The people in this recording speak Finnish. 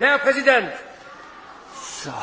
Herr Präsident! So.